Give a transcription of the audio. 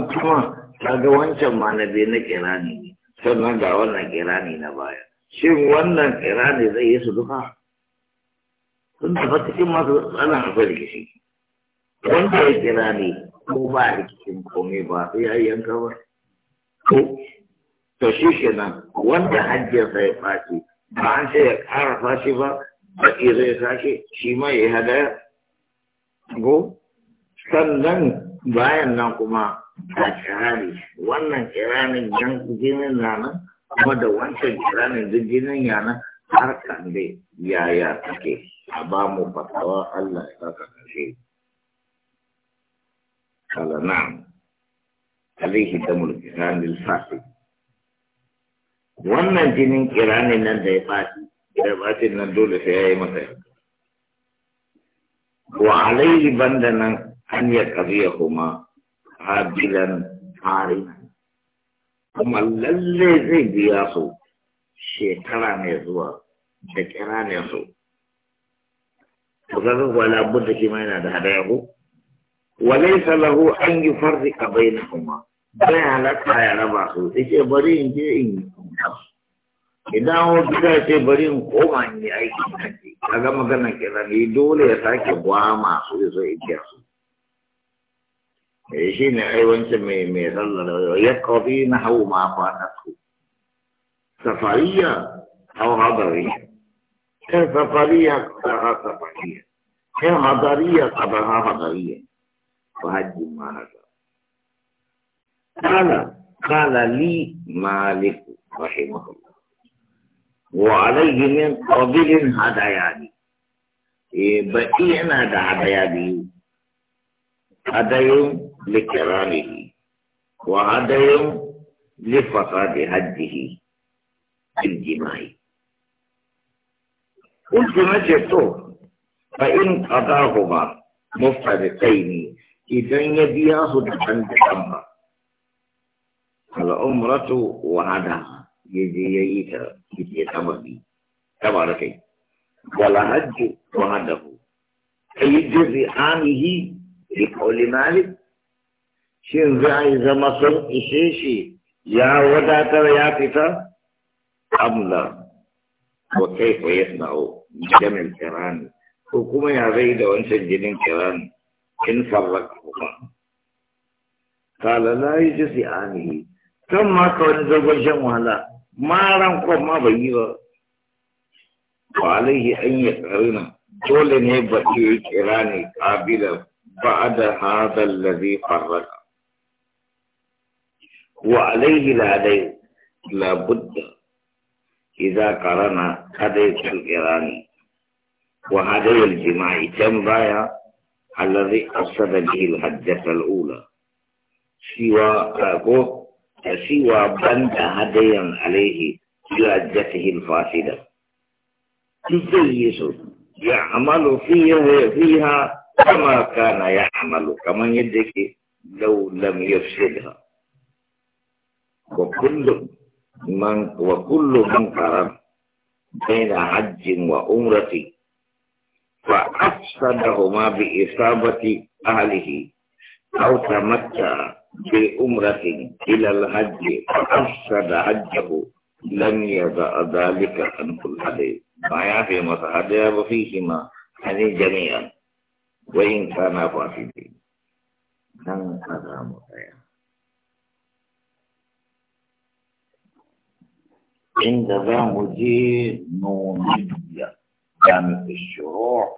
wannan kuma kaga wancan ma na biyu na kirani ne sannan ga wannan kirani na baya shin wannan kirani zai yi su duka sun tafi cikin masu tsanan akwai rikici wanda ya kirani ko ba rikicin komai ba sai ya yanka ba ko to shi kenan wanda sa ya fashe, ba an sai ya kara fashe ba baƙi zai sashe, shi ma ya yi hadaya go sannan bayan nan kuma da kirani wannan kiranin yan jinin na nan kuma da wancan kiranin duk jinin ya nan har kande yaya take a ba mu fatawa Allah ya saka kashe kala na'am alaihi damul kiranil fasid wannan jinin kirani nan da ya faɗi da fatin nan dole sai ya yi masa wa alaihi banda nan an ya kabiya kuma habilan harina kuma lalle zai biya su shekara mai zuwa da kira mai su to abin da budda kima yana da hada yaku? Walai salahu an yufarriqa kuma, bai halatta ya raba su yace bari in je in yi idan wani gida ce bari in koma in yi aiki ga magana kira ne dole ya sake gwama su ya zo ya su شين حيوان سمي مير الله يقضي نحو ما فاتته سفرية أو هضرية كان سفرية كلها سفرية كان هضرية كلها هضرية فهج ما هذا قال قال لي مالك رحمه الله وعليه من قبل هدايا لي إيه بقينا هدايا لي هدايا لكرامه وهدي لفساد حجه بالجماع قلت نجته فإن قضاهما مفترقين إذا يبياه تحمد العمرة وعدها يجي يجي يجي تمضي تبارك والحج وهده أي جزء عامه لقول مالك شن زعي زمصر إشيشي يا ودا ترى يا فتا أم لا وكيف يسمع جمع الكران حكومة يا زيد وانسى الجنين كران إن فرق قال لا يجوز آنه كم ما كون ذو بجمع لا ما رم قم ما بيضا وعليه أن يقرنا دول نيبكي كراني قابلة بعد هذا الذي فرق وعليه الهدي لابد إذا قرنا هدي القران وهدي الجماع تنبايا الذي أفسد به الحجة الأولى سوى سوى بند هديا عليه بهجته الفاسدة تزيس يعمل فيها, فيها كما كان يعمل كما يدك لو لم يفسدها wa kullu man wa baina hajjin wa umrati fa afsadahuma bi isabati ahlihi aw tamatta bi umratin ila al hajj fa afsada hajjahu lam yada adalika an kul hadith ma ya fi masahadiya wa fi hima ani jami'an wa in kana fasidin dan kada mu tayar inda za mu je nuniya da shuru